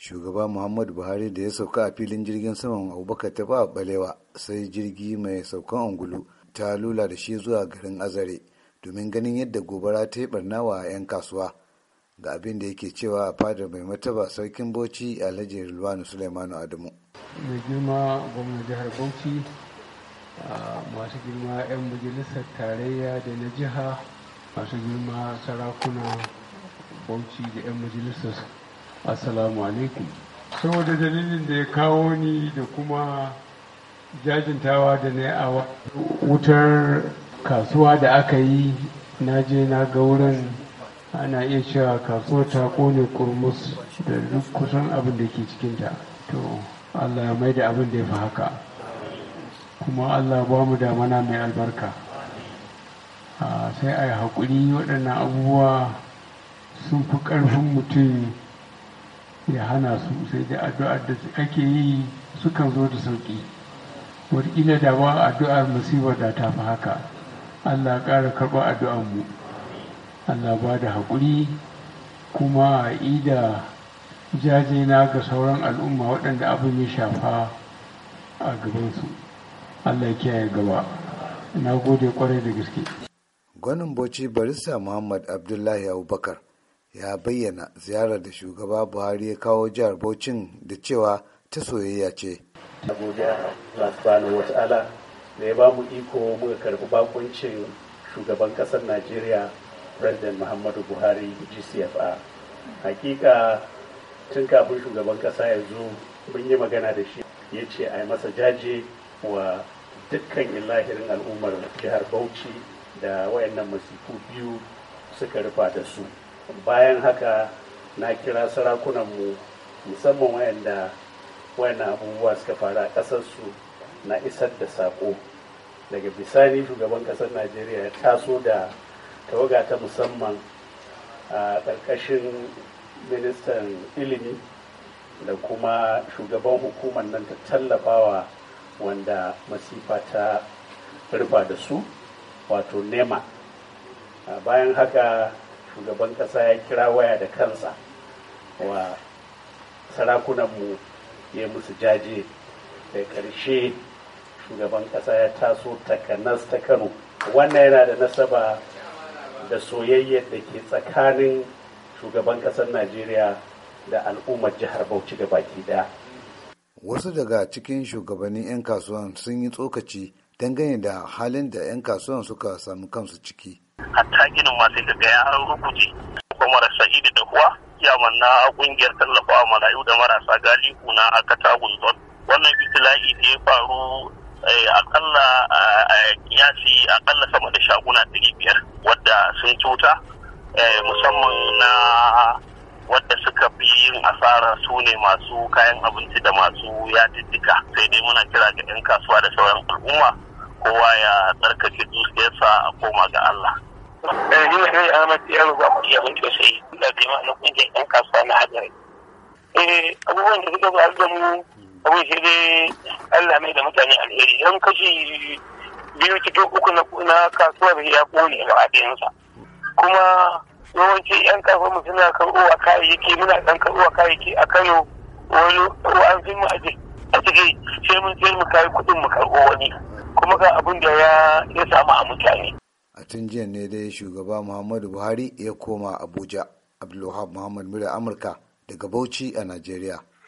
shugaba muhammadu buhari da ya sauka a filin jirgin saman abubakar ta ba balewa sai jirgi mai saukan angulu ta lula da shi zuwa garin azare domin ganin yadda gobara ta yi barna wa 'yan kasuwa ga abin da yake cewa a fadar mai mataba sarkin bauchi alhaji rilwanu sulaimanu adamu mai girma gwamnan jihar masu girma 'yan majalisar tarayya da na jiha masu girma sarakuna bauchi da 'yan majalisar assalamu alaikum saboda dalilin da ya kawo ni da kuma jajintawa da na a wutar kasuwa da aka yi na je na ga wurin ana iya cewa kasuwar ta kone kurmus da duk kusan abin da ke cikinta to allah ya mai da abin da ya fi haka kuma allah ba mu da mana mai albarka ah, sai a yi haƙuri waɗannan abubuwa sun fi ƙarfin mutum ya hana su sai da addu'ar da ake yi sukan zo da sauƙi wadda da ba addu'ar musibar da ta fi haka allah ƙara karɓar addu'ar mu allah ba da haƙuri kuma a ida jajena ga sauran al'umma waɗanda abin ya shafa a gabansu allah kiyaye gaba na gode kwarai da gaske gwanin bauchi barista muhammad abdullahi abubakar ya bayyana ziyarar da shugaba buhari ya kawo jihar bauchin da cewa ta soyayya ce godiya Allah subhanahu wa ta'ala da ya bamu iko muka karbi bakuncin shugaban kasar Najeriya President Muhammadu Buhari GCFA. Hakika tun kafin shugaban kasa ya zo mun yi magana da shi ya ce a yi masa jaje wa dukkan ilahirin al'ummar jihar Bauchi da wayannan masifu biyu suka rufa da su. bayan haka na kira sarakunanmu musamman wayanda wayannan abubuwa suka faru a ƙasarsu na isar da saƙo daga bisani shugaban ƙasar najeriya ya taso da tawaga ta musamman a ƙarƙashin ministan ilimi da kuma shugaban hukumar nan ta tallafawa wanda masifa ta rufa da su wato nema bayan haka shugaban kasa ya kira waya da kansa wa sarakunanmu ya musu jaje da ƙarshe shugaban ƙasa ya taso takanas ta kano wannan yana da nasaba da soyayyar da ke tsakanin shugaban ƙasar najeriya da al'ummar jihar bauchi ga baki daya wasu daga cikin shugabannin 'yan kasuwan sun yi tsokaci dangane da halin da 'yan kasuwan suka samu kansu ciki hatta ginin masu sai an ya ko marasa sa'idu da kuwa yaman na kungiyar tallafawa marayu da marasa galihu na akatagun zon wannan itila'i da ya faru eh, akalla eh, eh, ya ce akalla sama da shaguna ɗari biyar wadda sun cuta musamman na wadda suka fi yin asara su ne masu kayan abinci da masu yadiddika sai dai muna kira ga 'yan kasuwa da sauran al'umma kowa ya tsarkake dukiyarsa a koma ga Allah. Eh, ni mai nuna da Yaro ba mu iya binci sai da bai ma'ana kungiyar 'yan kasuwa na hajjari. Eh abubuwan da suka faru da mu abin shi dai Allah mai da mutane alheri don kashi biyu cikin uku na kasuwar ya kone ba ɗayansa kuma yawanci 'yan kasuwar mu suna karuwa kayayyaki muna ɗan karuwa kayayyaki a Kano wani an fi mu a ciki sai mun sai mu kayi kuɗin mu karɓo wani kuma ga abin da ya samu a mutane. a tun jiya ne dai shugaba muhammadu buhari ya koma abuja abdulwahab muhammad mura amurka daga bauchi a najeriya